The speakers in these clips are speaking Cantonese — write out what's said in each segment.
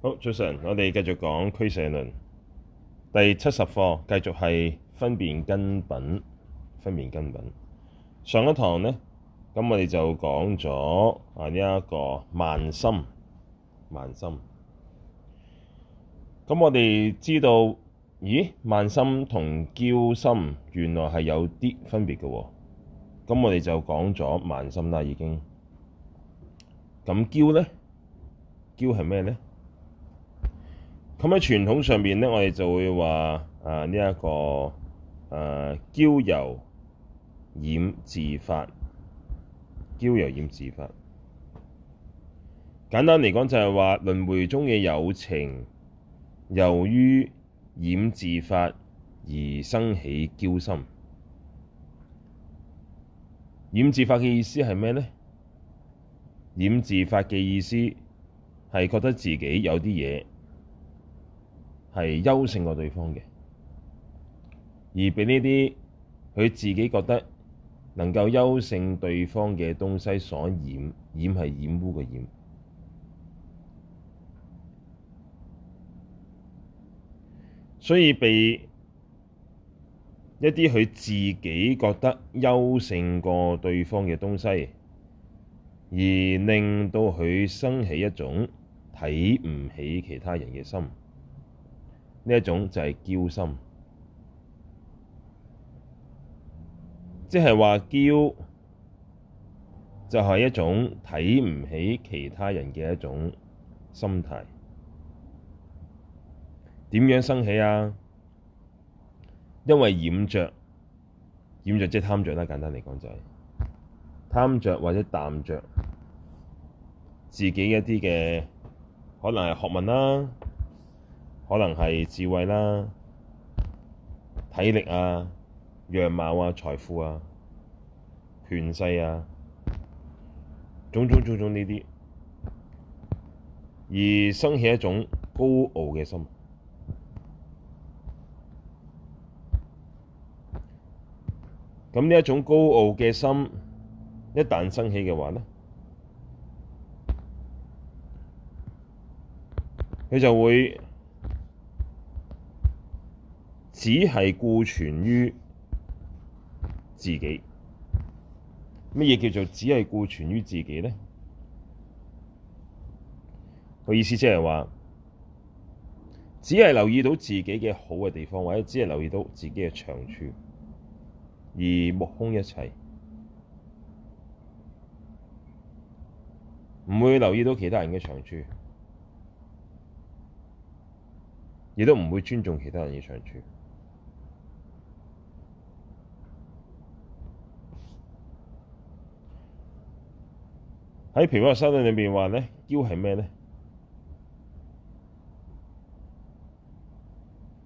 好，早晨，我哋繼續講俱舍論第七十課，繼續係分別根品，分別根品。上一堂呢，咁我哋就講咗啊呢一個慢心慢心。咁我哋知道，咦，慢心同憍心原來係有啲分別嘅、哦。咁我哋就講咗慢心啦，已經。咁憍呢？憍係咩呢？咁喺傳統上面咧，我哋就會話啊呢一、這個誒憍由染自法，憍由染自法簡單嚟講就係話輪迴中嘅有情，由於染自法而生起憍心。染自法嘅意思係咩咧？染自法嘅意思係覺得自己有啲嘢。係優勝過對方嘅，而畀呢啲佢自己覺得能夠優勝對方嘅東西所染，染係染污嘅染。所以被一啲佢自己覺得優勝過對方嘅東西，而令到佢生起一種睇唔起其他人嘅心。呢一種就係憍心，即係話憍就係、是、一種睇唔起其他人嘅一種心態。點樣生起啊？因為染着，染着即係貪着啦。簡單嚟講就係貪着或者淡着自己一啲嘅可能係學問啦。可能係智慧啦、體力啊、樣貌啊、財富啊、權勢啊，種種種種呢啲，而生起一種高傲嘅心。咁呢一種高傲嘅心，一旦生起嘅話呢，佢就會只係顧全於自己，乜嘢叫做只係顧全於自己呢？個意思即係話，只係留意到自己嘅好嘅地方，或者只係留意到自己嘅長處，而目空一切，唔會留意到其他人嘅長處，亦都唔會尊重其他人嘅長處。喺《毗婆沙論》裏面話呢，憍係咩呢？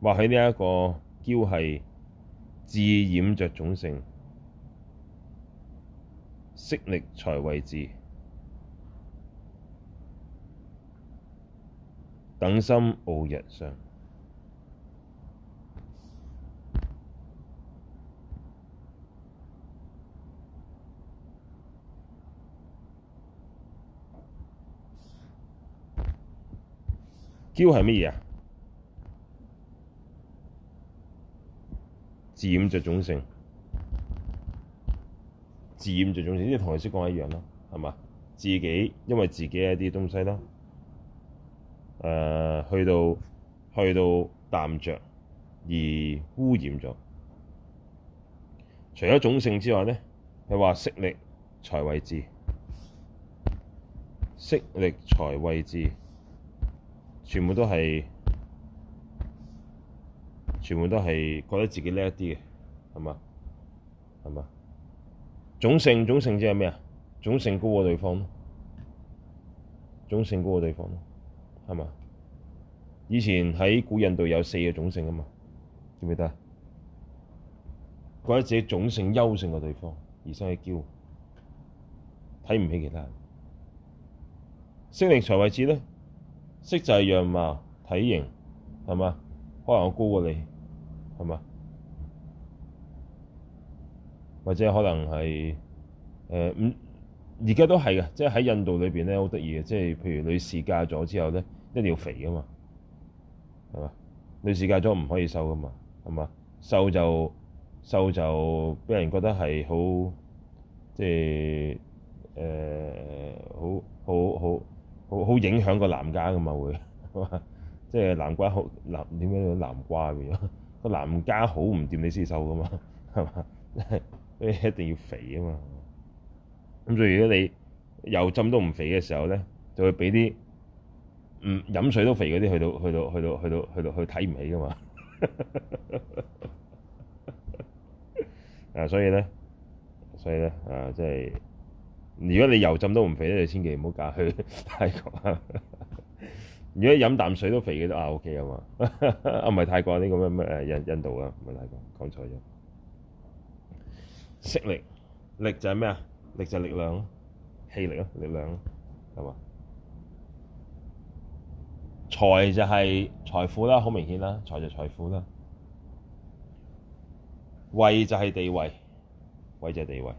或許呢一個憍係自染着種性，色力財位智，等心傲逸相。妖係乜嘢啊？自染著種性，自染著種性，即係同你識講一樣咯，係嘛？自己因為自己一啲東西啦，誒、呃，去到去到淡着而污染咗。除咗種性之外呢，你話色力財位智，色力財位智。全部都係，全部都係覺得自己叻啲嘅，係嘛，係嘛，種性種性即係咩啊？種性高嘅地方咯，種性高嘅地方咯，係嘛？以前喺古印度有四個種性啊嘛，記唔記得啊？覺得自己種性優勝嘅地方而生起驕，睇唔起其他人，色力財位智咧。色就係樣貌、體型，係嘛？可能我高過你，係嘛？或者可能係誒唔而家都係嘅，即係喺印度裏邊咧好得意嘅，即係譬如女士嫁咗之後咧一定要肥噶嘛，係嘛？女士嫁咗唔可以瘦噶嘛，係嘛？瘦就瘦就俾人覺得係好即係誒好好好。好好好好影響個南瓜噶嘛會，係嘛？即係南瓜好南，點解南瓜咁樣，個南瓜好唔掂你施收噶嘛，係嘛？所以一定要肥啊嘛。咁所以如果你油針都唔肥嘅時候咧，就會俾啲嗯飲水都肥嗰啲，去到去到去到去到去到去睇唔起噶嘛。 啊，所以咧，所以咧，啊，即係。如果你油浸都唔肥咧，你千祈唔好嫁去泰國啊！ 如果飲啖水都肥嘅都啊，O、okay, K 啊嘛，唔係泰國，這個，啊，呢個咩咩誒印印度啊，唔係泰國，講錯咗。色力，力就係咩啊？力啊就係力量咯，氣力咯，力量咯，係嘛？財就係財富啦，好明顯啦，財就財富啦。位就係地位，位就係地位。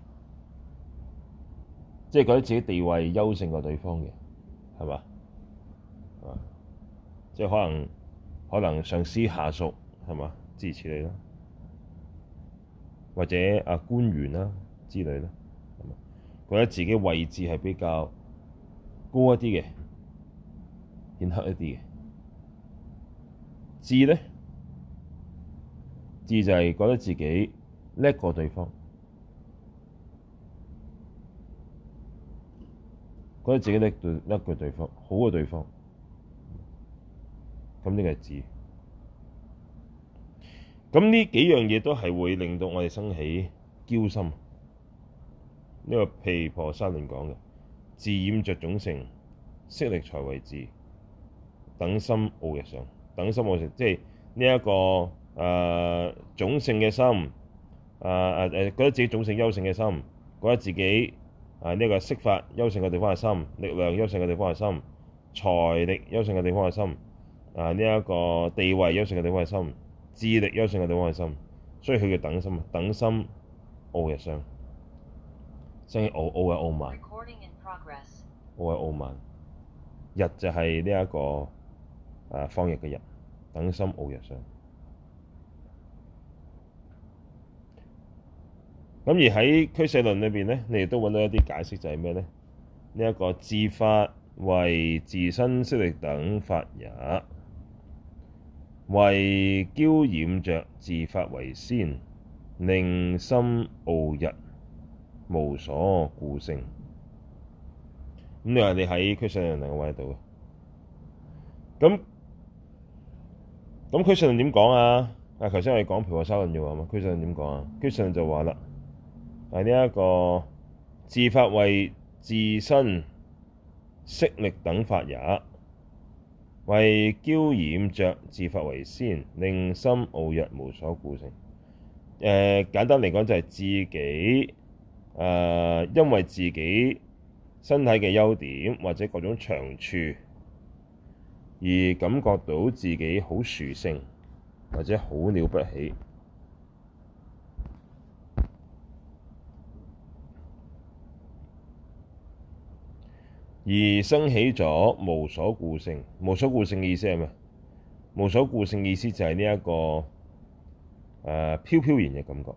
即係覺得自己的地位優勝過對方嘅，係嘛？即係可能可能上司下屬係嘛？支持你啦，或者啊官員啦之類啦，覺得自己位置係比較高一啲嘅，顯赫一啲嘅。智咧，智就係覺得自己叻過對方。覺得自己叻對叻過對方，好過對方，咁呢個係智。咁呢幾樣嘢都係會令到我哋生起憍心。呢個毗婆沙論講嘅自染着種性，色力財位智，等心傲逸相，等心傲逸即係呢一個誒種性嘅心，誒誒誒覺得自己種性優勝嘅心，覺得自己。啊！呢、這、一個色法優勝嘅地方係心，力量優勝嘅地方係心，財力優勝嘅地方係心，啊！呢、這、一個地位優勝嘅地方係心，智力優勝嘅地方係心，所以佢叫等心，等心傲逸相，即係傲，傲就傲慢，傲就傲慢。逸就係呢一個啊，放逸嘅逸，等心傲逸相。咁而喺俱舍論裏面呢，你哋都搵到一啲解釋，就係咩呢？呢一個自法謂自身色力等法也，謂憍染著自法為先，令心傲逸，無所顧性。咁、嗯、你話你喺俱舍論能夠揾到咁，咁俱舍論點講啊？啊，頭先我哋講毗婆沙論嘅話啊嘛，俱舍論點講啊？俱舍論就話啦。係呢一個自法謂自身色力等法也，謂憍染着自法為先，令心傲逸，無所顧性。誒、呃，簡單嚟講就係自己、呃、因為自己身體嘅優點或者各種長處，而感覺到自己好殊勝或者好了不起。而升起咗無所顧性，無所顧性嘅意思係咩？無所顧性意思就係呢一個誒、呃、飄飄然嘅感覺。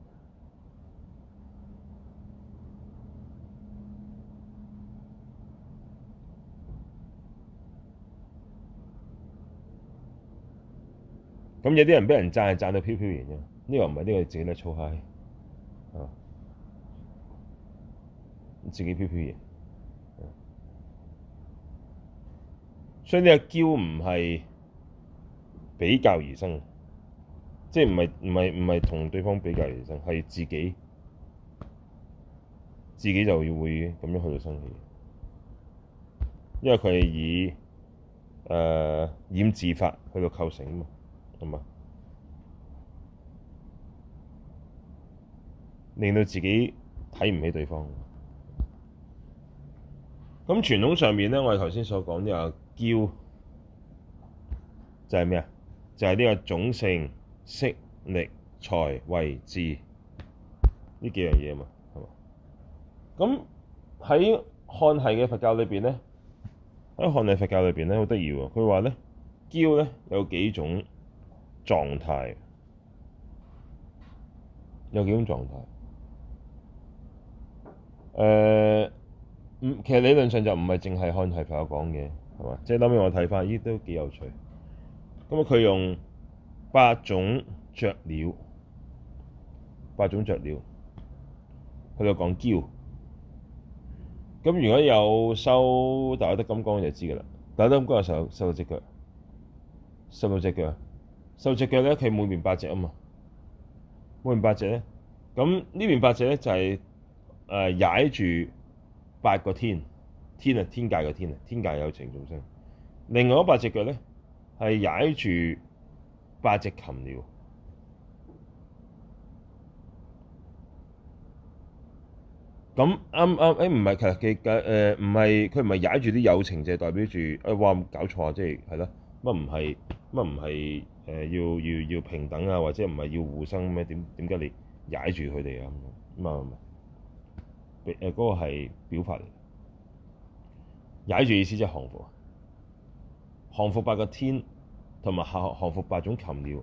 咁有啲人畀人贊係贊到飄飄然嘅，呢、這個唔係呢個自己咧粗嗨，啊，自己飄飄然。所以呢個憍唔係比較而生，即係唔係唔係同對方比較而生，係自己自己就要會咁樣去到生氣，因為佢係以誒染自法去到構成嘛，同埋令到自己睇唔起對方。咁傳統上面呢，我哋頭先所講啲啊。憍就係咩啊？就係呢個種性、色力、財、位、智呢幾樣嘢嘛，係嘛？咁喺漢系嘅佛教裏面咧，喺漢系嘅佛教裏面咧好得意喎。佢話咧憍咧有幾種狀態，有幾種狀態。呃，其實理論上就唔係淨係漢系佛教講嘅。係嘛？即係當面我睇翻，依都幾有趣。咁啊，佢用八種雀鳥，八種雀鳥，佢又講憍。咁如果有收大德金剛，就知㗎啦。大德金剛有收收到隻腳，收到隻腳，收到隻腳咧。佢每邊八隻啊嘛，每邊八隻咧。咁呢邊八隻咧就係、是、誒、呃、踩住八個天。天啊，天界嘅天啊，天界有情眾生。另外嗰八隻腳咧，係踩住八隻禽鳥。咁啱啱，誒唔係其實嘅誒唔係，佢唔係踩住啲有情，就係代表住誒、呃、哇搞錯啊！即係係咯，乜唔係乜唔係誒要、呃、要要平等啊，或者唔係要互生咩，啊？點點解你踩住佢哋啊？咁樣咁樣，誒、嗯、嗰、嗯嗯嗯嗰個係表法嚟。踩住意思即係降服啊！降服八個天同埋降服八種禽鳥，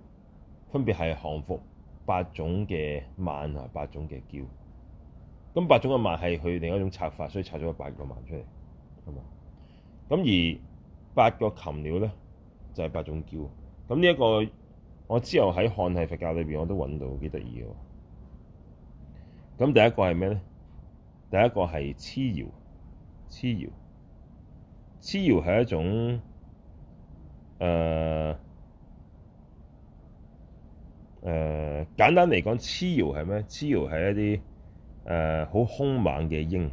分別係降服八種嘅萬同八種嘅憍。咁八種嘅萬係佢另一種拆法，所以拆咗八個萬出嚟，係嘛？咁而八個禽鳥咧就係、是、八種憍。咁呢一個我之後喺漢系佛教裏邊我都揾到幾得意嘅。咁第一個係咩咧？第一個係鴟鷂，鴟鷂。鴟鷂係一種誒誒、呃呃，簡單嚟講，鴟鷂係咩？鴟鷂係一啲誒好兇猛嘅鷹，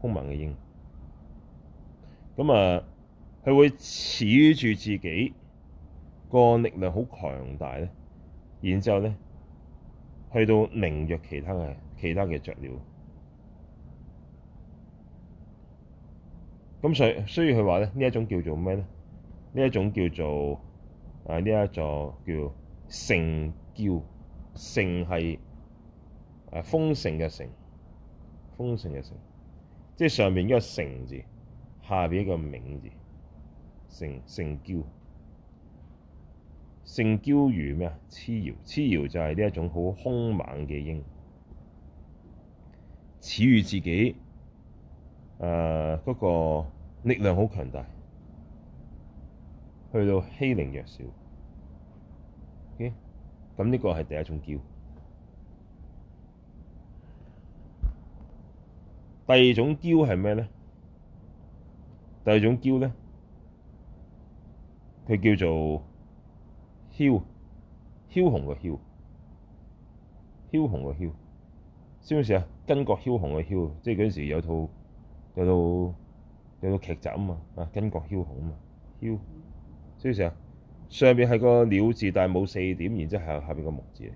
兇猛嘅鷹。咁、呃、啊，佢會恃住自己個力量好強大咧，然之後咧，去到凌虐其他嘅其他嘅雀鳥。咁所以，所以佢話呢，呢一種叫做咩呢？呢一種叫做啊，呢一座叫盛憍。盛係啊豐盛嘅盛，豐盛嘅盛，即係上面一個成字，下面一個皿字，盛，盛憍，盛憍如咩啊？鴟鷂，鴟鷂就係呢一種好兇猛嘅鷹，似於自己。誒、呃、嗰、那個力量好強大，去到欺凌弱小咁。呢個係第一種憍。第二種憍係咩呢？第二種憍呢，佢叫做梟，梟雄嘅梟，梟雄嘅梟。知唔知？啊，巾幗梟雄嘅梟，即係嗰陣時有套。有到又劇集啊嘛，啊巾幗梟雄啊嘛，梟，知唔上面係個鳥字，但係冇四點，然之後下面個木字。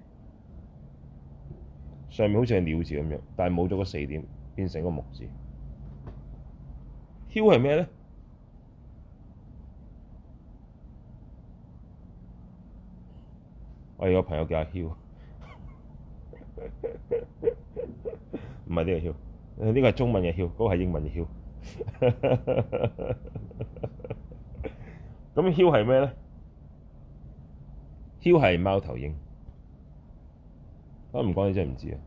上面好似係鳥字咁樣，但係冇咗個四點，變成個木字。梟係咩咧？我有個朋友叫阿梟，唔係呢個梟。誒，呢個係中文嘅梟，嗰個係英文嘅梟。咁梟係咩呢？梟係貓頭鷹。我唔講你真係唔知啊！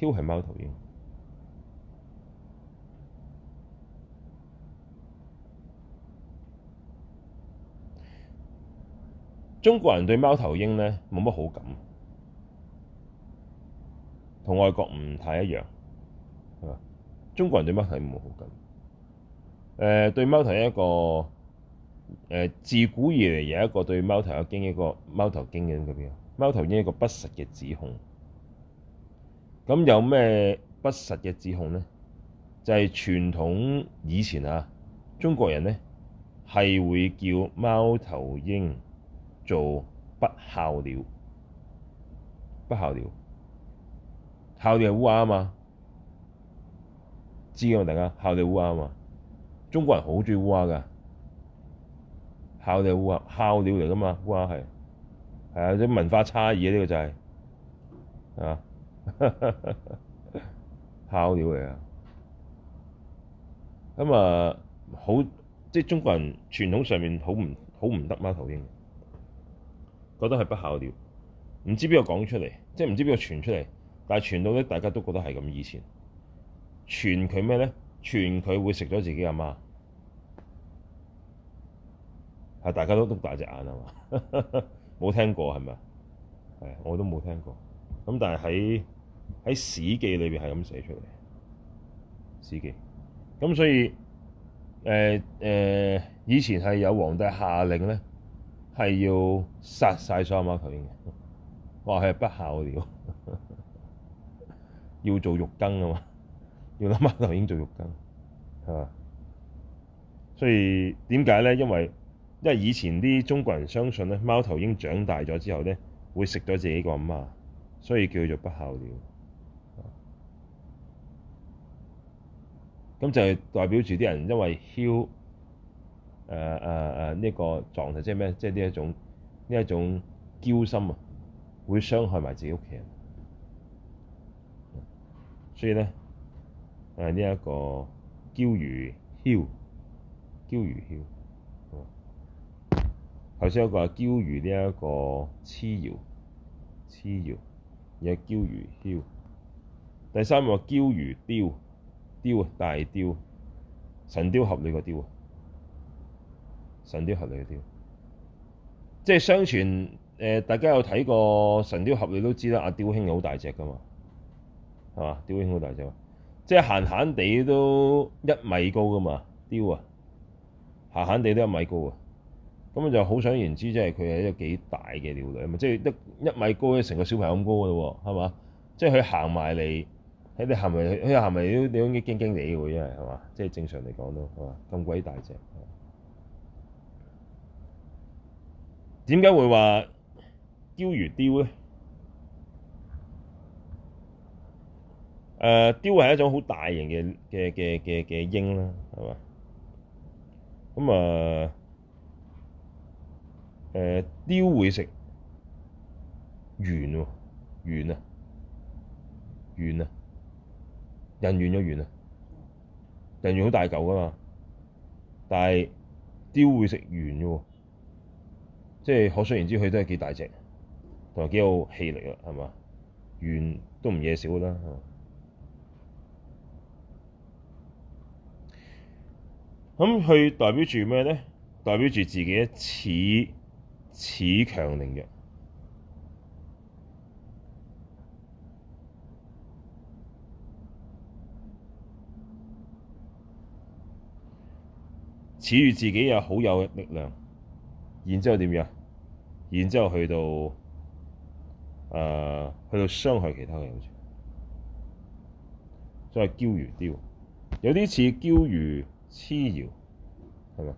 梟係貓頭鷹。中國人對貓頭鷹呢冇乜好感，同外國唔太一樣。中國人對貓頭鷹冇好感，誒、呃、對貓頭鷹一個誒、呃、自古以來有一個對貓頭鷹有經一個貓頭鷹經嘅咩？貓頭鷹一個不實嘅指控，咁有咩不實嘅指控咧？就係、是、傳統以前啊，中國人咧係會叫貓頭鷹做不孝鳥，不孝鳥，孝鳥係烏鴉啊嘛。知啊，大家孝鳥烏鴉嘛，中國人好鍾意烏鴉噶，孝鳥烏鴉孝鳥嚟噶嘛，烏鴉係係啊，啲文化差異的啊，呢個就係係嘛孝鳥嚟啊。咁啊、嗯，好即、就是、中國人傳統上面好唔好唔得貓頭鷹，覺得係不孝鳥，唔知邊個講出嚟，即係唔知邊個傳出嚟，但係傳到大家都覺得係咁以前。傳佢咩咧？傳佢會食咗自己阿媽，係大家都督大隻眼啊嘛！冇聽過係咪？係，我都冇聽過。咁但係喺喺史記裏邊係咁寫出嚟，史記。咁所以誒誒、呃呃，以前係有皇帝下令咧，係要殺晒雙馬佢嘅，話佢係不孝了，要做肉羹啊嘛。要諗，貓頭鷹做肉羹，係嘛？所以點解呢？因為因為以前啲中國人相信呢，貓頭鷹長大咗之後呢，會食咗自己個阿媽，所以叫做不孝鳥。噉就係代表住啲人因為憍誒呢個狀態，即係咩？即係呢一種呢一種憍心啊，會傷害埋自己屋企人。所以呢。誒呢一個憍如鷹，憍如鷹。頭先有個係憍如呢、這、一個鴟鷂，鴟鷂，又係憍如鷹。第三個話憍如鵰，雕大雕，神雕俠侶個雕，神雕俠侶個雕，即係相傳誒、呃，大家有睇過《神雕俠侶》都知啦。阿、啊、雕兄好大隻噶嘛，係嘛？雕兄好大隻。即係閒閒地都一米高噶嘛，鵰啊，閒閒地都一米高啊，咁就好想言之是是，即係佢係一個幾大嘅鳥類啊嘛，即係得一米高成個小朋友咁高㗎咯喎，係嘛？即係佢行埋嚟，喺度行埋去，喺你行埋都都已經驚驚地喎，因為係嘛？即係正常嚟講咯，哇，咁鬼大隻，點解會話憍如鵰咧？誒雕係一種好大型嘅嘅嘅嘅嘅鷹啦，係嘛？咁啊誒雕會食猿猿啊猿啊人猿咗猿啊人猿好大嚿㗎嘛，但係雕會食猿嘅喎，即係可想而知佢都係幾大隻，同埋幾有氣力啊，係嘛？猿都唔夜少啦。咁佢代表住咩咧？代表住自己恃恃強凌弱，恃住自己有好有力量。然之後點樣？然之後去到誒、呃，去到傷害其他人，好似即係憍如鵰，有啲似憍如鴟鷂係嘛？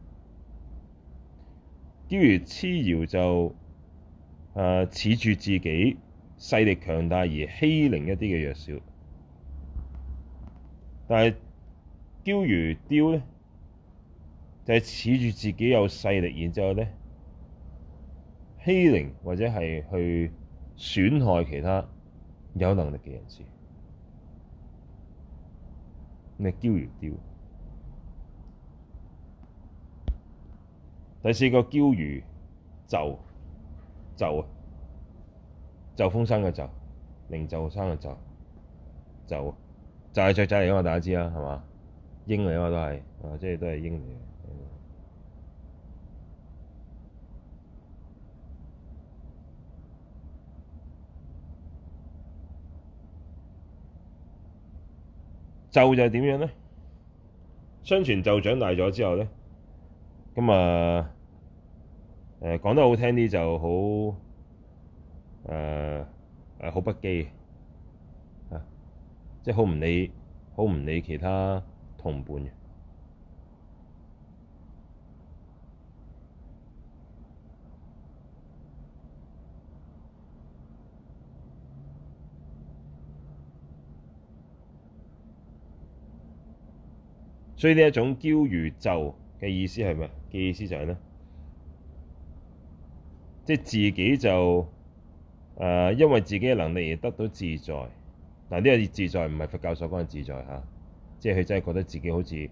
憍如鴟鷂就誒恃、呃、住自己勢力強大而欺凌一啲嘅弱小，但係憍如鵰咧就係、是、恃住自己有勢力，然之後咧欺凌或者係去損害其他有能力嘅人士，你憍如鵰？第四個憍如鷲就啊，鷲峰山嘅鷲，靈鷲山嘅鷲，鷲就係雀仔嚟嘅嘛，大家知啦，係嘛？鷹嚟嘅嘛都係，啊，即係都係鷹嚟嘅。鷲就點樣咧？相傳鷲長大咗之後咧。咁、嗯、啊，誒講得好聽啲就好，誒誒好不羈，啊、即係好唔理，好唔理其他同伴嘅。所以呢一種憍如就～嘅意思係咩？嘅意思就係咧，即係自己就誒、呃，因為自己嘅能力而得到自在。但呢個自在唔係佛教所講嘅自在嚇、啊，即係佢真係覺得自己好似誒、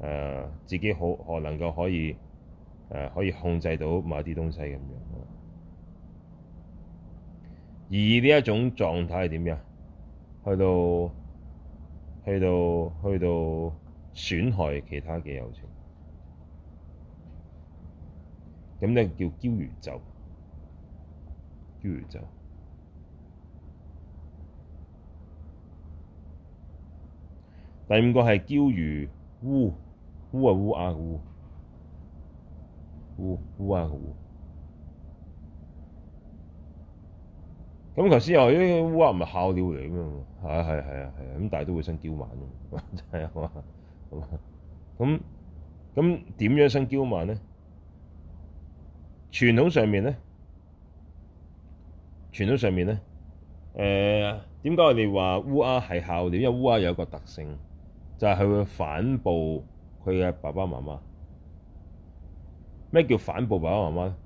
呃、自己好，可能夠可以誒、呃、可以控制到某啲東西咁樣。而呢一種狀態係點樣？去到去到去到損害其他嘅有情。咁呢叫憍如鷲，憍如鷲。第五個係憍如烏，烏啊烏啊烏，烏烏啊烏。咁頭先又話烏啊唔係孝鳥嚟咩？係啊係啊係啊係啊，咁、啊啊啊啊哎啊、但係都會生憍慢真係啊嘛，咁咁點樣生憍慢咧？傳統上面呢？傳統上面呢？誒點解我哋話烏鴉係孝鳥？因為烏鴉有一個特性，就係佢會反哺佢嘅爸爸媽媽。咩叫反哺爸爸媽媽呢？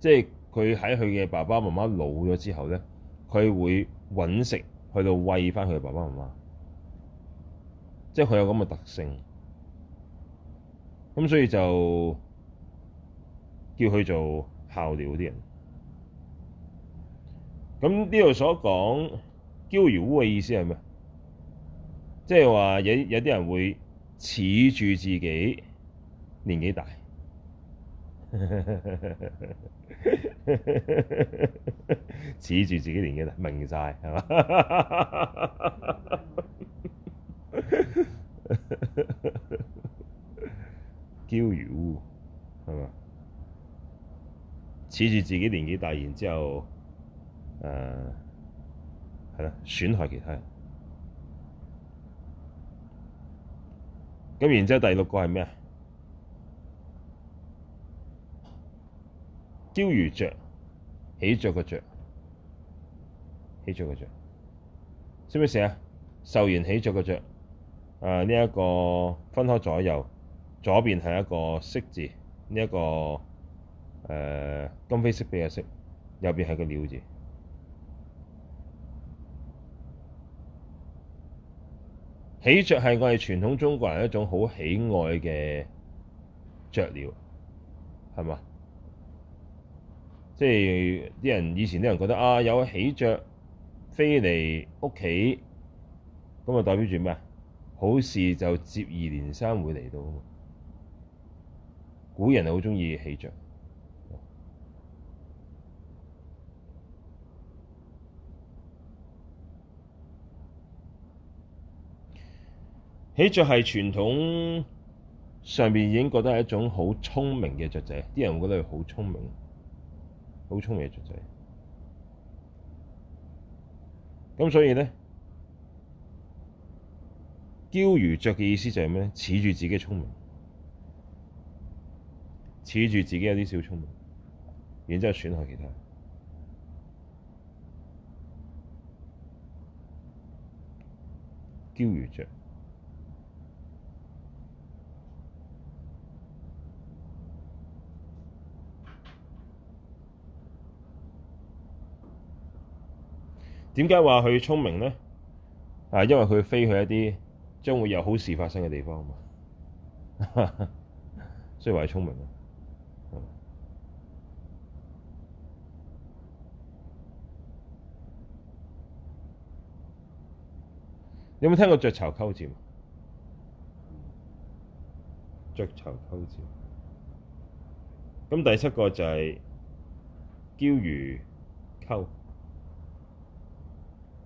即係佢喺佢嘅爸爸媽媽老咗之後呢，佢會揾食去到餵翻佢爸爸媽媽，即係佢有咁嘅特性。咁所以就叫佢做。泡掉啲人，咁呢度所講憍如烏嘅意思係咩？即係話有有啲人會恃住自己年紀大，恃住自己年紀大明晒係嘛？憍如烏係嘛？恃住自己年紀大，然之後，誒、嗯，係啦，損害其他人。咁然之後第六個係咩啊？鯊魚著起着個鵲，起着個鵲，識唔識寫啊？壽元起着個鵲，誒呢一個分開左右，左邊係一個昔字，呢、這、一個。誒、呃、今非昔比嘅昔右邊係個鳥字。喜鵲係我哋傳統中國人一種好喜愛嘅雀鳥，係嘛？即係啲人以前啲人覺得啊，有喜鵲飛嚟屋企咁啊，代表住咩啊？好事就接二連三會嚟到啊！古人好鍾意喜歡喜鵲。喜鵲係傳統上面已經覺得係一種好聰明嘅雀仔，啲人會覺得佢好聰明，好聰明嘅雀仔。咁所以呢，憍如鵲嘅意思就係咩？恃住自己聰明，恃住自己有啲小聰明，然之後損害其他人憍如鵲。點解話佢聰明呢？啊，因為佢飛去一啲將會有好事發生嘅地方啊嘛， 所以話佢聰明。嗯、你有冇聽過雀巢鳩佔？雀巢鳩佔，咁、嗯、第七個就係憍如鳩。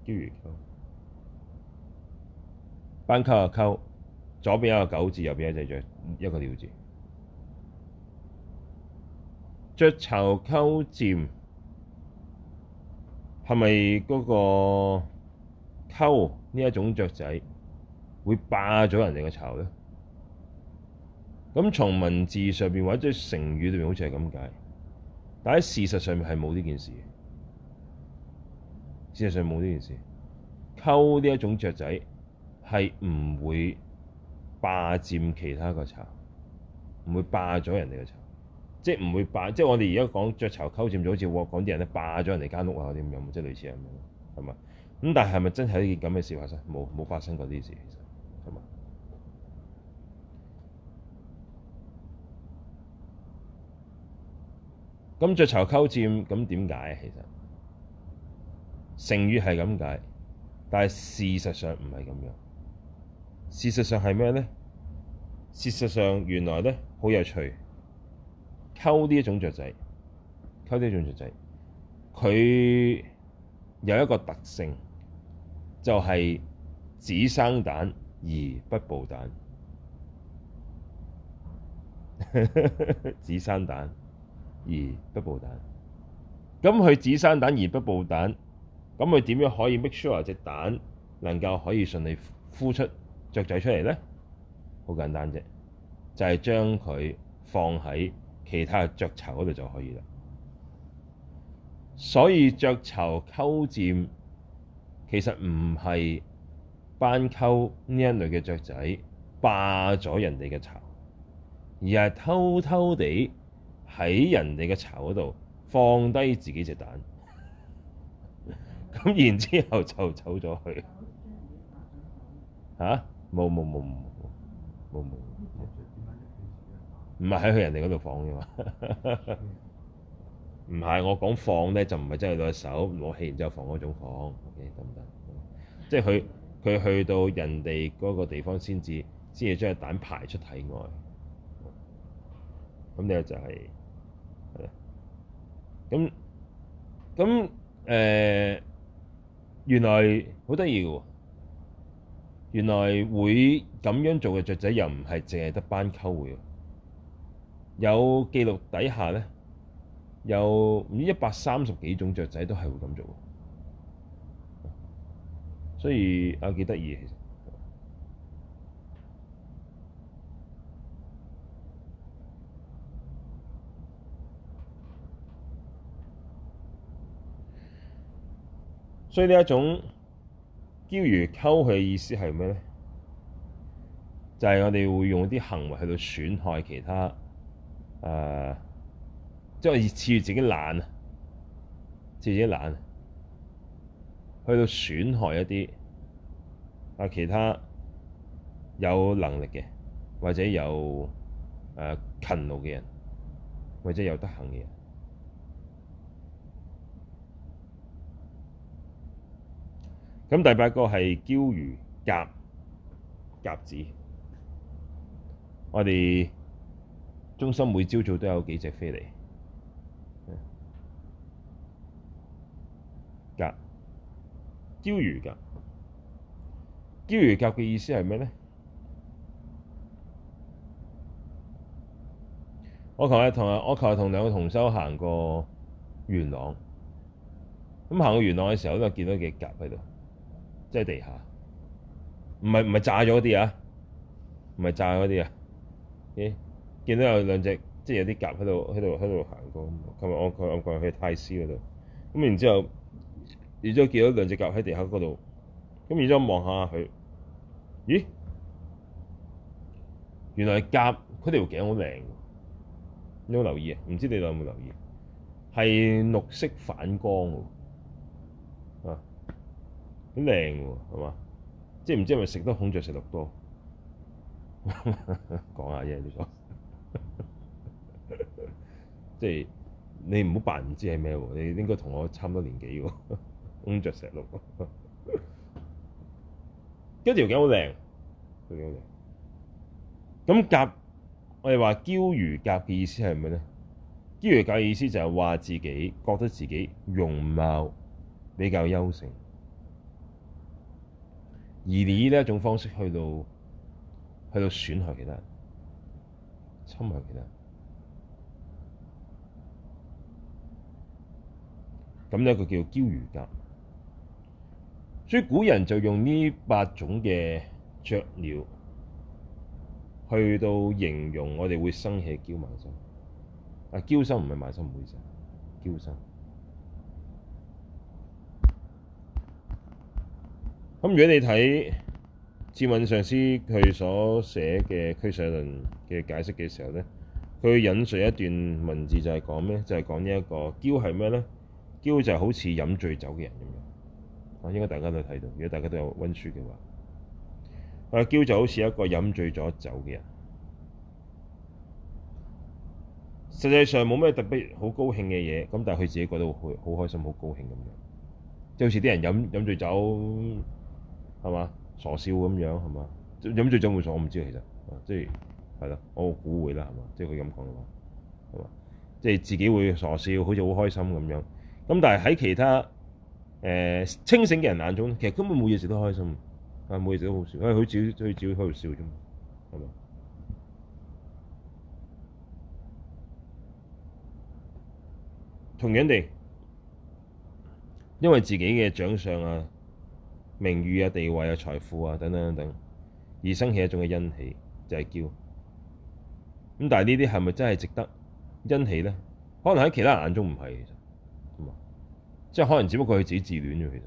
比如鳩，斑鳩啊鳩，左邊有一個九字，右邊有一隻雀，一個鳥字。雀巢鳩佔，係咪嗰個鳩呢一種雀仔會霸咗人哋嘅巢咧？咁從文字上邊或者成語裏邊好似係咁解，但係事實上面係冇呢件事。事實上冇呢件事，溝呢一種雀仔係唔會霸佔其他個巢，唔會霸咗人哋個巢，即係唔會霸。即係我哋而家講雀巢溝佔咗，好似講啲人咧霸咗人哋間屋啊啲咁樣，即係類似咁樣，係咪？咁但係係咪真係一件咁嘅事發生？冇冇發生過呢件事，其實係咪？咁雀巢溝佔，咁點解其實？成語係咁解，但係事實上唔係咁樣。事實上係咩呢？事實上原來咧好有趣，鳩呢一種雀仔，鳩呢一種雀仔，佢有一個特性，就係、是、只生蛋而不抱蛋。只 生蛋而不抱蛋，咁佢只生蛋而不抱蛋。咁佢點樣可以 make sure 隻蛋能夠可以順利孵出雀仔出嚟咧？好簡單啫，就係、是、將佢放喺其他雀巢嗰度就可以啦。所以雀巢鳩佔其實唔係斑鳩呢一類嘅雀仔霸咗人哋嘅巢，而係偷偷地喺人哋嘅巢嗰度放低自己隻蛋。咁然之後就走咗去了，嚇？冇冇冇冇冇冇，唔係喺佢人哋嗰度放嘅嘛？唔 係、嗯，我講放咧就唔係真係攞手攞氣然之後放嗰種放。O K，咁即係佢佢去到人哋嗰個地方先至先至將個蛋排出體外。咁呢個就係係啦。咁咁誒？原來好得意喎，原來會這樣做嘅雀仔又唔係淨係得斑鳩會，有記錄底下呢，有唔知一百三十幾種雀仔都係會咁做的，所以啊幾得意所以呢一種憍如鳩嘅意思係咩咧？就係、是、我哋會用啲行為去到損害其他誒、呃，即係越次於自己懶啊，次於自己懶去到損害一啲啊、呃、其他有能力嘅或者有誒、呃、勤勞嘅人，或者有得行嘅人。咁第八個係憍如鴿，鴿子，我哋中心每朝早都有幾隻飛嚟。鴿，憍如鴿，憍如鴿嘅意思係咩呢？我琴日同啊，我琴日同兩個同修行過元朗，咁行過元朗嘅時候都係見到幾隻鴿喺度。即係地下，唔係唔係炸咗啲啊？唔係炸嗰啲啊？咦？見到有兩隻，即係有啲鴿喺度，喺度，喺度行過。琴日我，我，我琴日去太師嗰度，咁然之後，然之後見到兩隻鴿喺地下嗰度，咁然之後望下佢，咦？原來鴿佢條頸好靚，有冇留意啊？唔知你哋有冇留意？係綠色反光喎。好靚喎，係嘛？即係唔知係咪食得孔雀石綠多？講 下嘢，你好講、 就是。即係你唔好扮唔知係咩喎？你應該同我差唔多年紀喎，孔雀石綠。嗰條頸好靚，條頸好靚。咁鴿，我哋話憍如鴿嘅意思係咩咧？憍如鴿嘅意思就係話自己覺得自己容貌比較優勝。而你呢一種方式去到，去到損害其他人，侵害其他人。咁呢佢叫做憍如鴿，所以古人就用呢八種嘅雀鳥，去到形容我哋會生起憍慢心，啊憍心唔係慢心唔會生憍心。咁如果你睇智敏上師佢所寫嘅俱舍論嘅解釋嘅時候咧，佢引述一段文字就係講咩？就係講呢一個憍係咩咧？憍就好似飲醉酒嘅人咁樣。啊，應該大家都睇到，如果大家都有温書嘅話，啊憍就好似一個飲醉咗酒嘅人。實際上冇咩特別好高興嘅嘢，咁但係佢自己覺得好好開心、好高興咁樣，就好似啲人飲飲醉酒。係嘛？傻笑咁樣係嘛？飲醉酒就會傻，我唔知其實，即係係咯，我估會啦，係嘛？即係佢咁講嘅嘛，係嘛？即係自己會傻笑，好似好開心咁樣。咁但係喺其他誒、呃、清醒嘅人眼中，其實根本冇嘢食都開心，啊冇嘢食都好笑，係佢自己佢自己開笑啫嘛，係嘛？同樣地，因為自己嘅長相啊。名譽啊、地位啊、財富啊等等等等，而生起一種嘅欣喜，就係、是、驕。咁但係呢啲係咪真係值得欣喜咧？可能喺其他人眼中唔係，其實，咁啊，即係可能只不過係自己自戀啫，其實。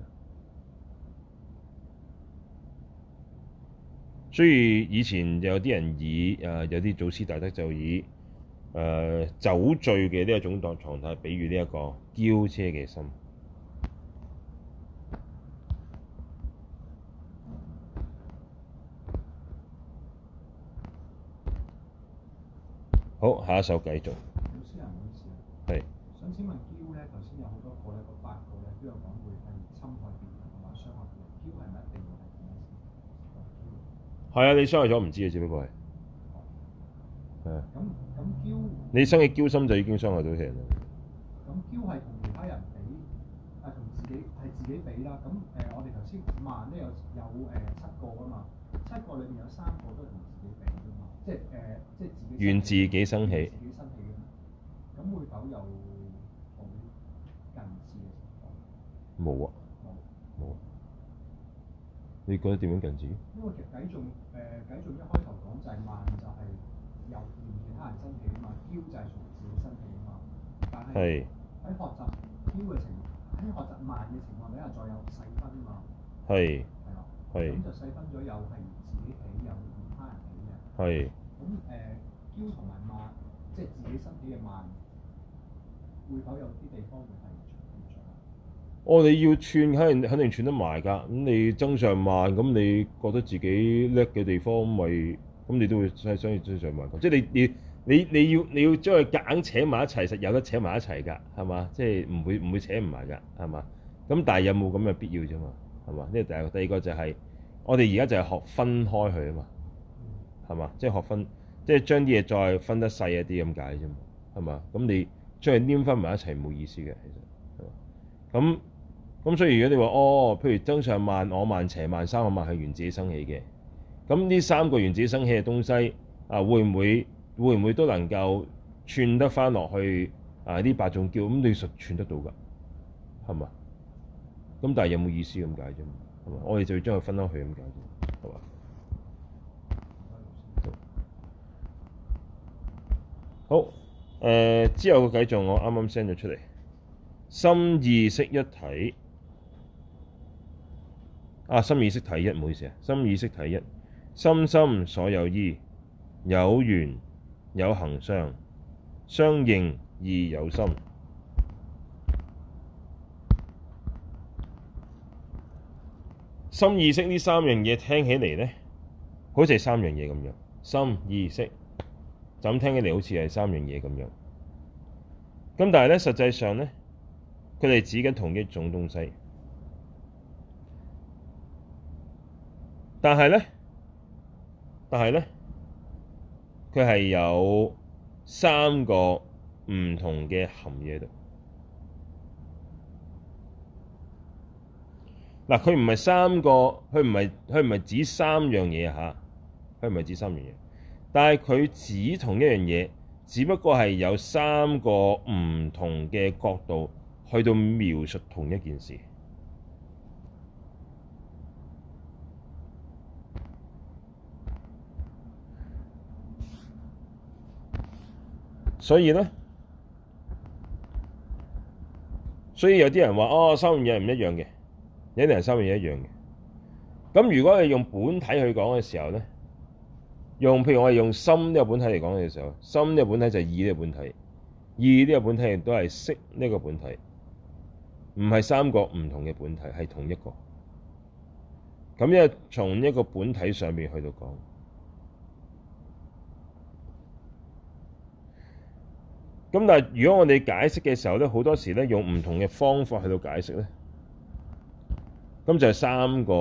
所以以前有啲人以誒有啲祖師大德就以誒、呃、酒醉嘅呢一種當狀態，比喻呢一個驕奢嘅心。好，下一首繼續。老師啊，女士啊，係。想請問嬌咧，頭先有好多個咧，嗰八個咧，都有講會係侵害別人同埋傷害別人。嬌係咪一定會係？係啊，你傷害咗唔知嘅只不過係。係啊。咁咁嬌，你生起嬌心就已經傷害到其他人。咁嬌係同其他人比，係同自己係自己比啦。咁誒，我哋頭先五萬咧有有誒七個啊嘛，七個裏邊有三個都係。呃、即緣自己自生起，自己生起嘅，咁會否有好近似嘅情況？冇啊，冇啊。你覺得點樣近似？因為其實繼續誒一開頭講就係慢就係由緣其他人生起啊嘛，憍就係從自己生起啊嘛。但係喺學習憍嘅情喺學習慢嘅情況底下，再有細分啊嘛。係。係。咁就細分咗，又係自己起，又其他人起嘅。係。同埋慢，即係自己身體嘅慢，會否有啲地方係長唔長？我、哦、哋要串，肯定肯定串得埋㗎。咁你增上慢，咁你覺得自己叻嘅地方，咪咁你都會想想要增上慢。即係你你你，你要你要，你要將佢夾硬扯埋一齊，實有得扯埋一齊㗎，係嘛？即係唔會唔會扯唔埋㗎，係嘛？咁但係有冇咁嘅必要啫嘛？係嘛？呢、這個第一個，第二個就係、是、我哋而家就係學分開佢啊嘛，係嘛？即、就、係、是、學分。即係將啲嘢再分得細一啲咁解啫嘛，係嘛？咁你將佢黏翻埋一齊冇意思嘅，其實係嘛？咁咁所以如果你話哦，譬如增上慢、我慢邪、邪慢，三個慢、三我慢係原子生起嘅，咁呢三個原子生起嘅東西啊，會唔會會唔會都能夠串得翻落去啊？呢八種憍咁你實串得到㗎，係嘛？咁但係有冇意思咁解啫嘛？係嘛？我哋就要將佢分開去咁解啫，係嘛？好，誒、呃、之後嘅計帳，我啱啱 send 咗出嚟。心意識一體，啊，心意識體一，唔好意思啊，心意識體一，心心所有依，有緣有行相，相應義有心。心意識呢三樣嘢聽起嚟咧，好似係三樣嘢咁樣，心意識。就咁聽起嚟好似係三樣嘢咁樣，咁但係呢，實際上呢，佢哋指緊同一種東西，但係呢，但係呢，佢係有三個唔同嘅含義度。嗱，佢唔係三個，佢唔係佢唔係指三樣嘢下，佢唔係指三樣嘢。但係佢指同一樣嘢，只不過係有三個唔同嘅角度去到描述同一件事。所以咧，所以有啲人話哦，三樣嘢唔一樣嘅，有啲人三樣嘢一樣嘅。咁如果係用本體去講嘅時候咧，用譬如我係用心呢個本體嚟講嘅時候，心呢個本體就係意呢個本體，意呢個本體亦都係識呢個本體，唔係三個唔同嘅本體，係同一個。咁一係從呢個本體上面去到講，咁但係如果我哋解釋嘅時候咧，好多時咧用唔同嘅方法去到解釋咧，咁就係三個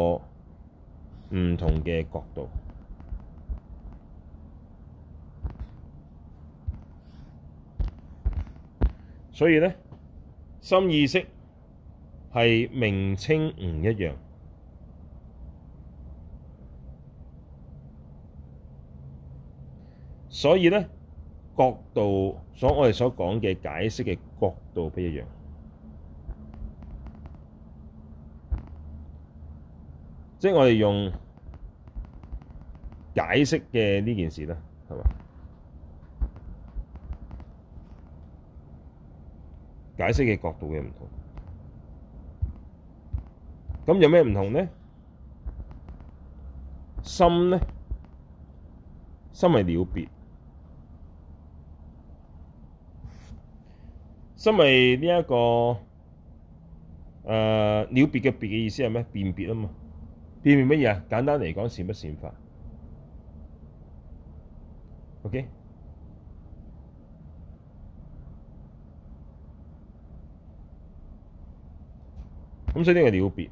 唔同嘅角度。所以呢，心意識係名稱唔一樣，所以呢角度，所我哋所講嘅解釋嘅角度不一樣，即係我哋用解釋嘅呢件事啦，係嘛？解釋嘅角度嘅唔同，咁有咩唔同咧？心咧，心為了別，心為呢一個誒了別嘅別嘅意思係咩？辨別啊嘛，辨別乜嘢啊？簡單嚟講，善不善法，OK。咁所以呢個了別，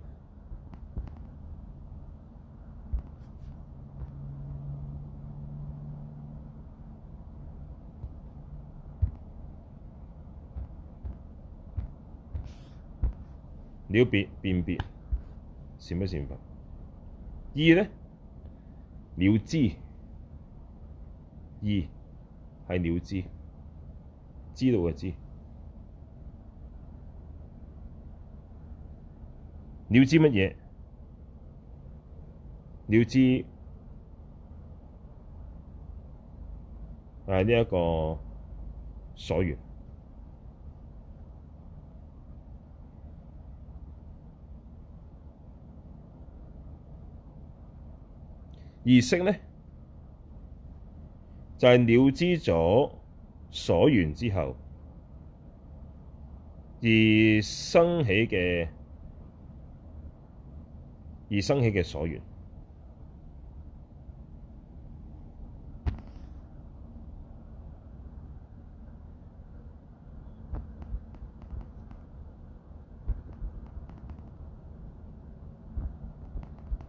了別辨別善不善法。意呢，了知，意係了知，知道嘅知。了知乜嘢？了知係呢一個所緣，意識呢，就係、是、了知咗所緣之後而生起嘅。而生起嘅所緣，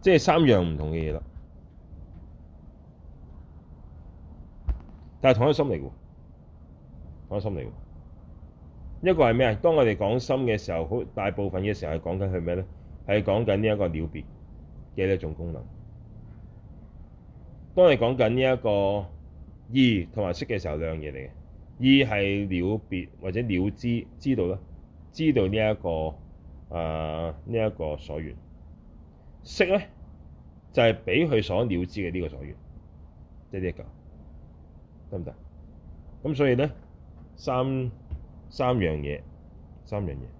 即係三樣唔同嘅嘢啦。但係同一個心嚟嘅喎，同一個心嚟嘅。一個係咩啊？當我哋講心嘅時候，好大部分嘅時候係講緊佢咩咧？係講緊呢一個了別嘅一種功能。當你講緊呢一個意同埋識嘅時候兩，兩樣嘢嚟嘅。意係了別或者了知，知道啦，知道呢、這、一個誒呢一個所緣。識咧就係俾佢所了知嘅呢個所緣，即係呢一個得唔得？咁所以咧三三樣嘢，三樣嘢。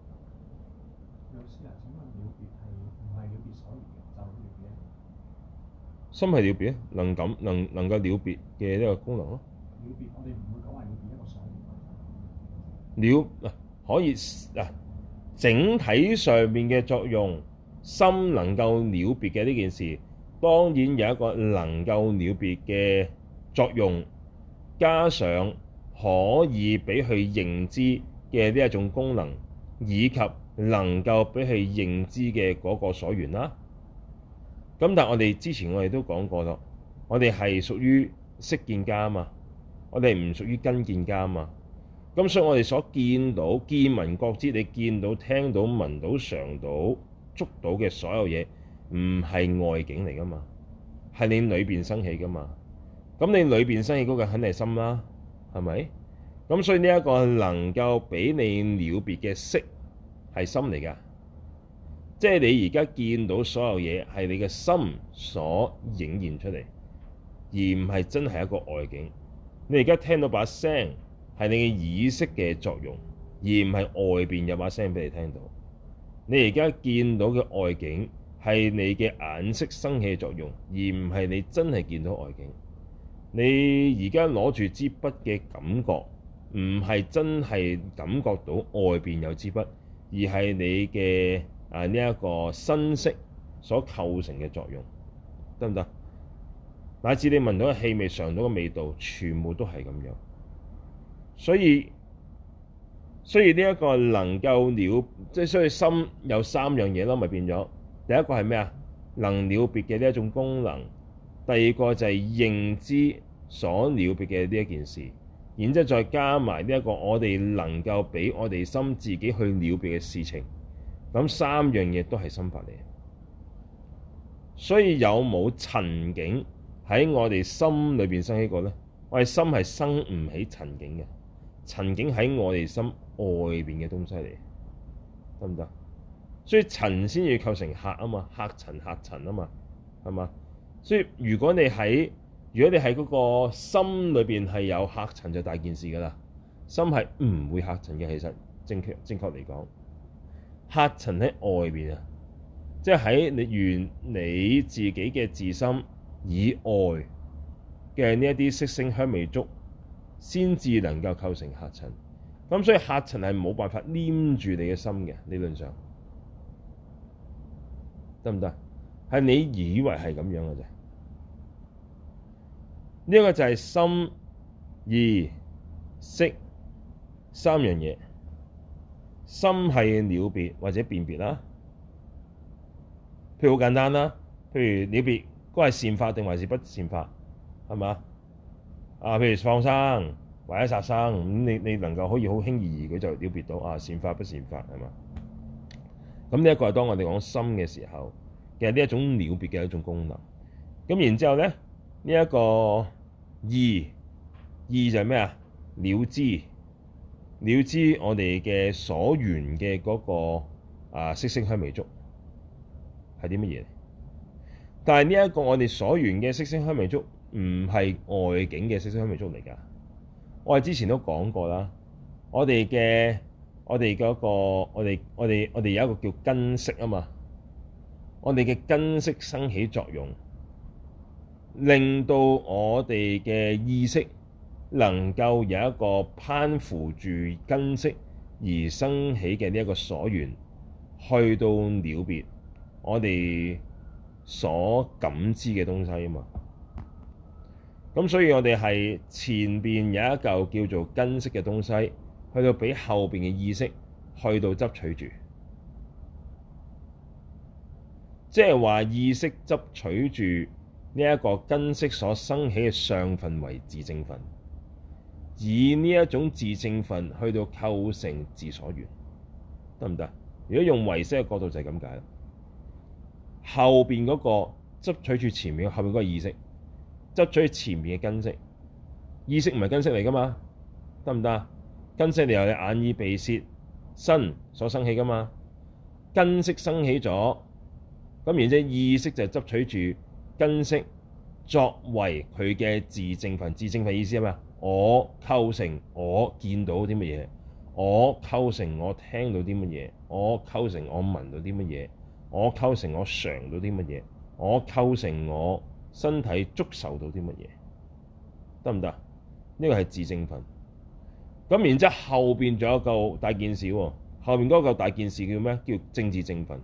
心係了別啊，能感能能夠了別嘅呢個功能咯。了別，我哋唔會講話了別一個所緣。了嗱，可以啊，整體上面嘅作用，心能夠了別嘅呢件事，當然有一個能夠了別嘅作用，加上可以俾佢認知嘅呢一種功能，以及能夠俾佢認知嘅嗰個所緣啦。咁但係我哋之前我哋都講過咯，我哋係屬於識見家啊嘛，我哋唔屬於根見家啊嘛。咁所以我哋所見到、見聞、覺知，你見到、聽到、聞到、嘗到、捉到嘅所有嘢，唔係外境嚟噶嘛，係你裏邊生起噶嘛。咁你裏邊生起嗰個肯定係心啦，係咪？咁所以呢一個能夠俾你了別嘅識係心嚟噶。即係你而家見到所有嘢係你嘅心所影現出嚟，而唔係真係一個外景。你而家聽到把聲係你嘅耳識嘅作用，而唔係外邊有把聲俾你聽到。你而家見到嘅外景係你嘅眼色眼識生起嘅作用，而唔係你真係見到外景。你而家攞住支筆嘅感覺唔係真係感覺到外邊有支筆，而係你嘅。啊！呢、這、一個新識所構成嘅作用，得唔得？乃至你聞到嘅氣味、嘗到嘅味道，全部都係咁樣。所以，所以呢一個能夠了，即係所以心有三樣嘢咯，咪變咗。第一個係咩啊？能了別嘅呢一種功能。第二個就係認知所了別嘅呢一件事，然之後再加埋呢一個我哋能夠俾我哋心自己去了別嘅事情。咁三樣嘢都係心法嚟，所以有冇塵境喺我哋心裏面生起過咧？我哋心係生唔起塵境嘅，塵境喺我哋心外面嘅東西嚟，得唔得？所以塵先要構成客啊嘛，客塵客塵啊嘛，係嘛？所以如果你喺如果你喺嗰個心裏面係有客塵，就大件事噶啦。心係唔會客塵嘅，其實正確正確嚟講。客塵喺外邊啊，即係喺你完你自己嘅自心以外嘅呢一啲色聲香味觸先至能夠構成客塵。咁所以客塵係冇辦法黏住你嘅心嘅，理論上得唔得？係你以為係咁樣嘅啫。呢、這個就係心、意、識三樣嘢。心係了別或者辨別啦，譬如好簡單啦，譬如了別，嗰係善法定還是不善法，係嘛？啊，譬如放生或者殺生，咁你你能夠可以好輕易易佢就了別到啊善法不善法係嘛？咁呢一個係當我哋講心嘅時候嘅呢一種了別嘅一種功能。咁然之後咧，呢、這、一個「意」，「意」就係咩啊？了知。你要知我哋嘅所緣嘅嗰個啊色聲香味觸係啲乜嘢？但係呢一個我哋所緣嘅色聲香味觸唔係外境嘅色聲香味觸嚟㗎。我哋之前都講過啦，我哋嘅我哋嗰個我哋我哋我哋有一個叫根識啊嘛，我哋嘅根識生起作用，令到我哋嘅意識。能夠有一個攀附住根識而生起嘅呢一個所緣，去到了別我哋所感知嘅東西啊嘛。咁所以，我哋係前邊有一嚿叫做根識嘅東西，去到俾後邊嘅意識去到執取住，即係話意識執取住呢一個根識所生起嘅上分為自證分。以呢一種自證分去到構成自所緣，得唔得？如果用唯識嘅角度就係咁解啦。後面嗰個執取住前面，後邊嗰個意識，執取前面嘅根識。意識唔係根識嚟噶嘛？得唔得？根識你由你眼耳鼻舌身所生起噶嘛？根識生起咗，咁然之後意識就執取住根識作為佢嘅自證分，自證分嘅意思係咩啊？我構成我見到啲乜嘢，我構成我聽到啲乜嘢，我構成我聞到啲乜嘢，我構成我嘗到啲乜嘢，我構成我身體觸受到啲乜嘢，得唔得？呢個係自證分。咁然之後，後面仲有一嚿大件事喎，後面嗰嚿大件事叫咩？叫證自證分。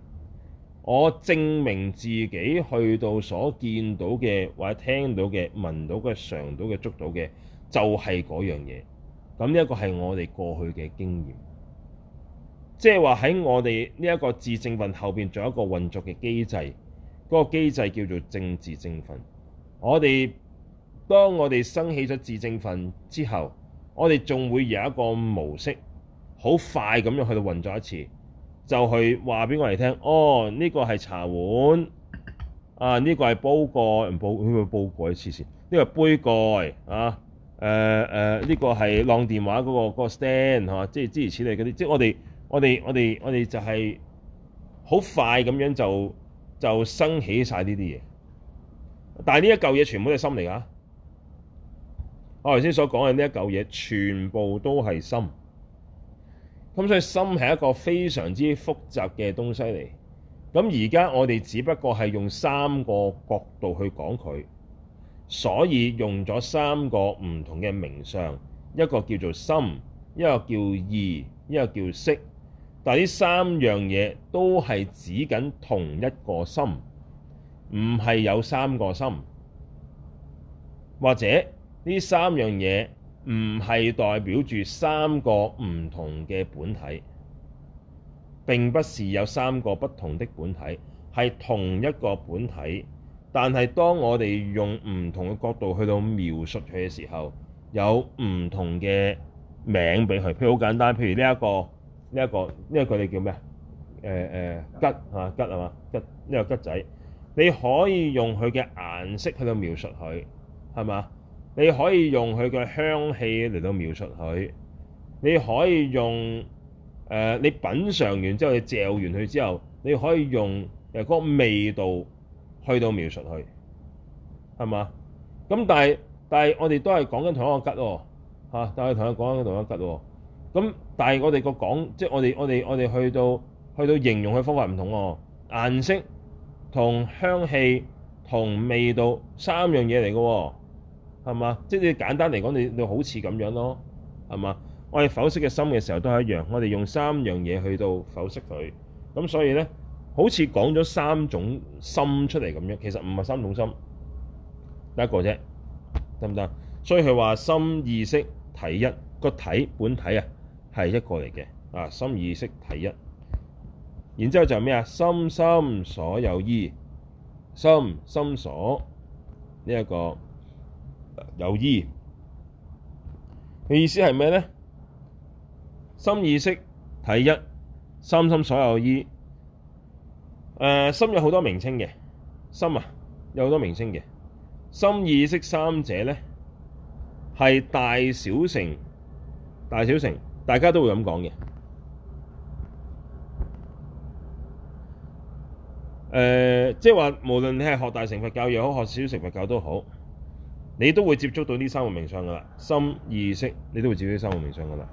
我證明自己去到所見到嘅，或者聽到嘅、聞到嘅、嘗到嘅、觸到嘅。就係、是、嗰樣嘢，咁呢一個係我哋過去嘅經驗，即係話喺我哋呢一個自證分後邊，仲有一個運作嘅機制，嗰、那個機制叫做證自證分。我哋當我哋升起咗自證分之後，我哋仲會有一個模式，好快咁樣去到運作一次，就去話俾我哋聽，哦呢、這個係茶碗，啊呢、這個係煲蓋，不煲佢煲過一次先，呢個係杯蓋啊。誒、呃、誒，呢、呃這個係晾電話嗰、那個嗰、那個、stand 嚇、啊，即係諸如此類嗰啲，即係我哋我哋我哋我哋就係好快咁樣就就升起晒呢啲嘢。但係呢一嚿嘢全部都係心嚟㗎。我頭先所講嘅呢一嚿嘢全部都係心。咁所以心係一個非常之複雜嘅東西嚟。咁而家我哋只不過係用三個角度去講佢。所以用咗三個唔同嘅名相，一個叫做心，一個叫意，一個叫識。但呢三樣嘢都係指緊同一個心，唔係有三個心，或者呢三樣嘢唔係代表住三個唔同嘅本體。並不是有三個不同的本體，係同一個本體。但係當我哋用唔同嘅角度去到描述佢嘅時候，有唔同嘅名俾佢。譬如好簡單，譬如呢一個呢一個呢個叫咩啊？誒誒，吉啊，吉，係嘛？吉，呢個吉仔，你可以用佢嘅顏色去到描述佢係嘛？你可以用佢嘅香氣嚟到描述佢。你可以用，誒，你品嚐完之後你嚼完佢之後，你可以用，誒，嗰個味道。去到描述去，係嘛？咁但係但係我哋都係講緊同一個吉喎，啊，啊，但係同樣講緊同一個吉喎，啊。咁但係我哋個講，即係我哋我哋我哋去到去到形容嘅方法唔同喎，啊，顏色同香氣同味道三樣嘢嚟嘅喎，係嘛？即係你簡單嚟講，你你好似咁樣咯，係嘛？我哋剖析嘅心嘅時候都係一樣，我哋用三樣嘢去到剖析佢，咁所以咧。好似講咗三種心出嚟咁樣，其實唔係三種心，得一個啫，得唔得？所以佢話心意識體一，個體本體啊係一個嚟嘅。啊，心意識體一，然之後就係咩啊？心心所有依，心心所呢一、這個有依，佢意思係咩咧？心意識體一，心心所有依。誒，心有好多名稱嘅，心啊，有好多名稱嘅，心、意識三者咧，係大小乘，大小乘，大家都會咁講嘅。誒、呃，即係話，無論你係學大乘佛教又好，學小乘佛教都好，你都會接觸到呢三個名相噶啦，心、意識，你都會接觸呢三個名相噶啦。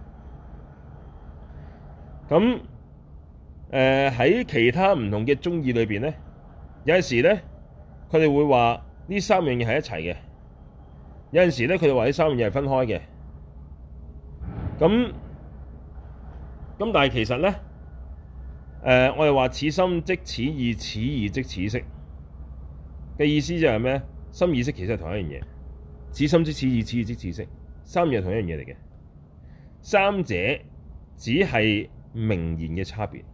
咁。誒、呃、喺其他唔同嘅宗義裏邊咧，有陣時咧，佢哋會話呢三樣嘢係一齊嘅。有陣時咧，佢哋話呢三樣嘢係分開嘅。咁咁，那但係其實咧，誒、呃、我哋話此心即此意，此意即此識嘅意思就係咩？心意識其實係同一樣嘢，此心即此意，此意即此識，三樣係同一樣嘢嚟嘅。三者只係名言嘅差別。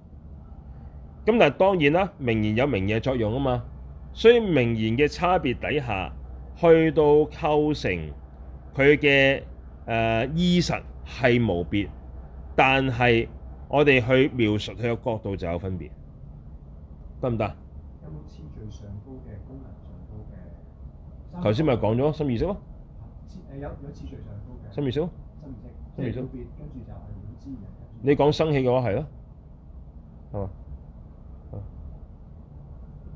咁但係當然啦，名言有名言嘅作用啊嘛，所以名言嘅差別底下去到構成佢嘅誒義實係無別，但係我哋去描述佢嘅角度就有分別，得唔得？有冇次序上高嘅功能，上高嘅。頭先咪講咗心意識咯、嗯，有有次序上高嘅。心意識咯。分別跟住就係五知你講生氣嘅話係咯，係嘛？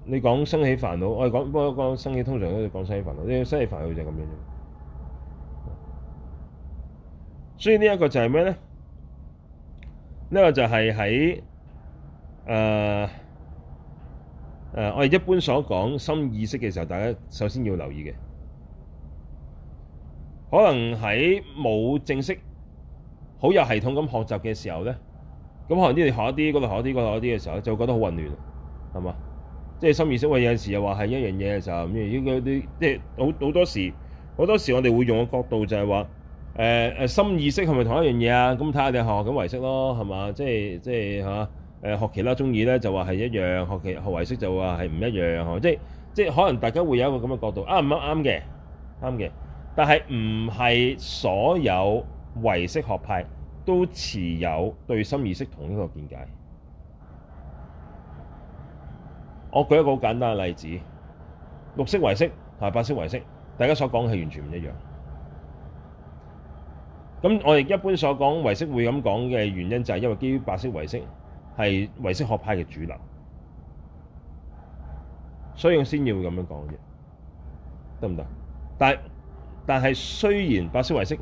你講生起煩惱，我哋講幫一講生起。通常都係講生起煩惱，你生起煩惱就係咁樣啫。所以呢一個就係咩咧？呢、呢個就係喺誒誒，我哋一般所講心意識嘅時候，大家首先要留意嘅。可能喺冇正式好有系統咁學習嘅時候咧，咁可能呢度學一啲，嗰度學一啲，嗰度學一啲嘅時候，就覺得好混亂，係嘛？即係心意識，喂，有陣時又話係一樣嘢嘅時候，咁應該啲即係好好多時，好多時我哋會用嘅角度就係話，誒、呃、誒，心意識係咪同一樣嘢啊？咁睇下你學咁唯識咯，係嘛？即係即係嚇，誒學其他宗義咧就話係一樣，學其學唯識就話係唔一樣，係嘛？即即可能大家會有一個咁嘅角度，啱唔啱？啱嘅，啱嘅，但係唔係所有唯識學派都持有對心意識同一個見解。我舉一個好簡單嘅例子，綠色唯識同白色唯識，大家所講嘅係完全唔一樣。咁我哋一般所講唯識會咁講嘅原因就係因為基於白色唯識係唯識學派嘅主流，所以我先要會咁樣講啫，得唔得？但但係雖然白色唯識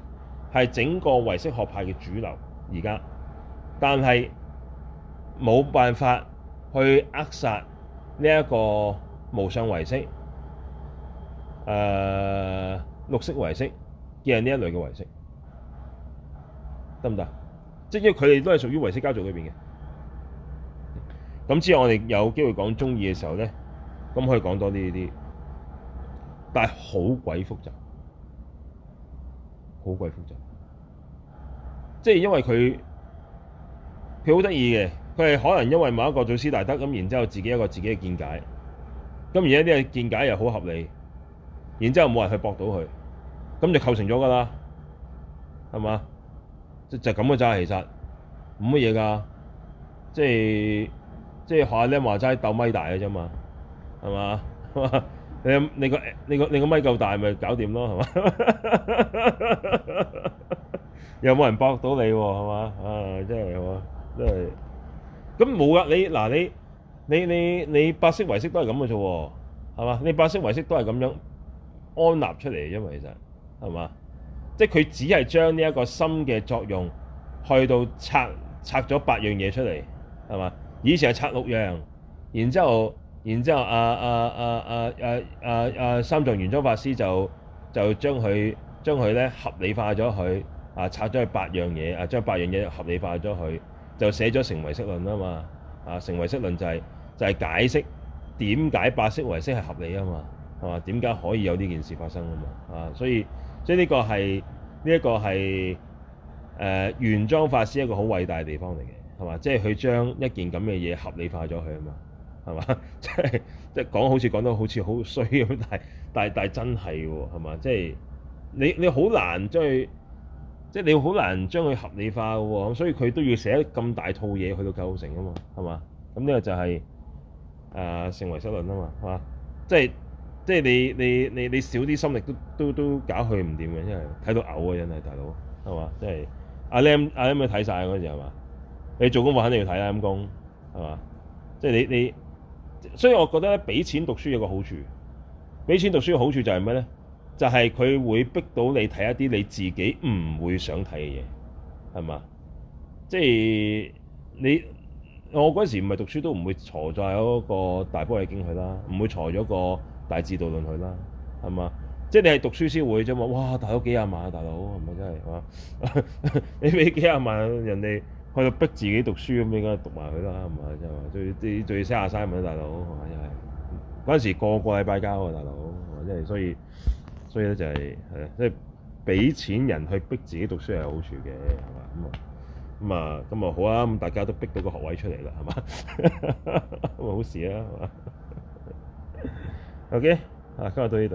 係整個唯識學派嘅主流而家，但係冇辦法去扼殺。呢一個無相為色，誒綠色為色，嘅呢一類嘅為色，得唔得？即係因為佢哋都係屬於為色家族裏邊嘅。咁之後我哋有機會講中意嘅時候咧，咁可以講多啲呢啲，但係好鬼複雜，好鬼複雜，即係因為佢佢好得意嘅。佢係可能因為某一個祖師大德咁，然之後自己一個自己嘅見解，咁而家呢個見解又好合理，然之後冇人去駁到佢，咁就構成咗噶啦，係嘛？即就咁嘅咋，其實冇乜嘢㗎，即係即係學下你話齋鬥米大嘅啫嘛，係嘛？ 你個你個你個你個米夠大咪搞掂咯，係嘛？ 又沒有冇人駁到你喎？係嘛？啊，真係，真係。.咁冇啊！你嗱你你你你白色為色都係咁嘅啫喎，係嘛？你白色為色都係咁樣，色色樣安納出嚟，因為其實係嘛？即係佢只係將呢一個心嘅作用去到拆拆咗八樣嘢出嚟，係嘛？以前係拆六樣，然之後然之後啊啊啊啊啊啊啊三藏玄奘法師就就將佢將佢咧合理化咗佢啊拆咗八樣嘢啊將八樣嘢合理化咗佢。就寫咗成唯識論啊嘛，啊成唯識論就係就係解釋點解白色為識係合理啊嘛，係嘛？點解可以有呢件事發生啊嘛？啊，所以即係呢個係呢一個係誒玄奘法師一個好偉大嘅地方嚟嘅，係嘛？即係佢將一件咁嘅嘢合理化咗佢啊嘛，係嘛？即係即係講好似講到好似好衰咁，但係但係但係真係喎，係嘛？即係你你好難即係。即係你好難將佢合理化嘅喎，咁所以佢都要寫咁大一套嘢去到構成啊嘛，係嘛？咁呢個就係、是、誒、呃、成為失輪啦嘛，係嘛？即係即係你你你你少啲心力都都都搞佢唔掂嘅，因為睇到嘔啊，真係大佬，係嘛？即係阿 Lam 阿 Lam 都睇晒嗰時，係嘛？你做功課肯定要睇啦，陰功係嘛？即係你你，所以我覺得咧，俾錢讀書有個好處，俾錢讀書嘅好處就係咩咧？就係、是、佢會逼到你睇一啲你自己唔會想睇嘅嘢，係嘛？即係你我嗰陣時唔係讀書都唔會挫在嗰個大波嘅經去啦，唔會挫咗個大智度論去啦，係嘛？即係你係讀書先會啫嘛！哇，大佬幾廿萬啊，大佬係咪真係？嘛？ 你俾幾廿萬人哋去到逼自己讀書咁樣，讀埋佢啦，係咪即係？最最最省下省大佬係咪又係？嗰、就是、時個個禮拜交啊，大佬，即係所以。所以就係、是，係啦，俾錢人去逼自己讀書係好處嘅，係嘛？咁啊，咁啊，好啊，大家都逼到個學位出嚟啦，係嘛？ 好事啊，係嘛？OK，啊，今日對。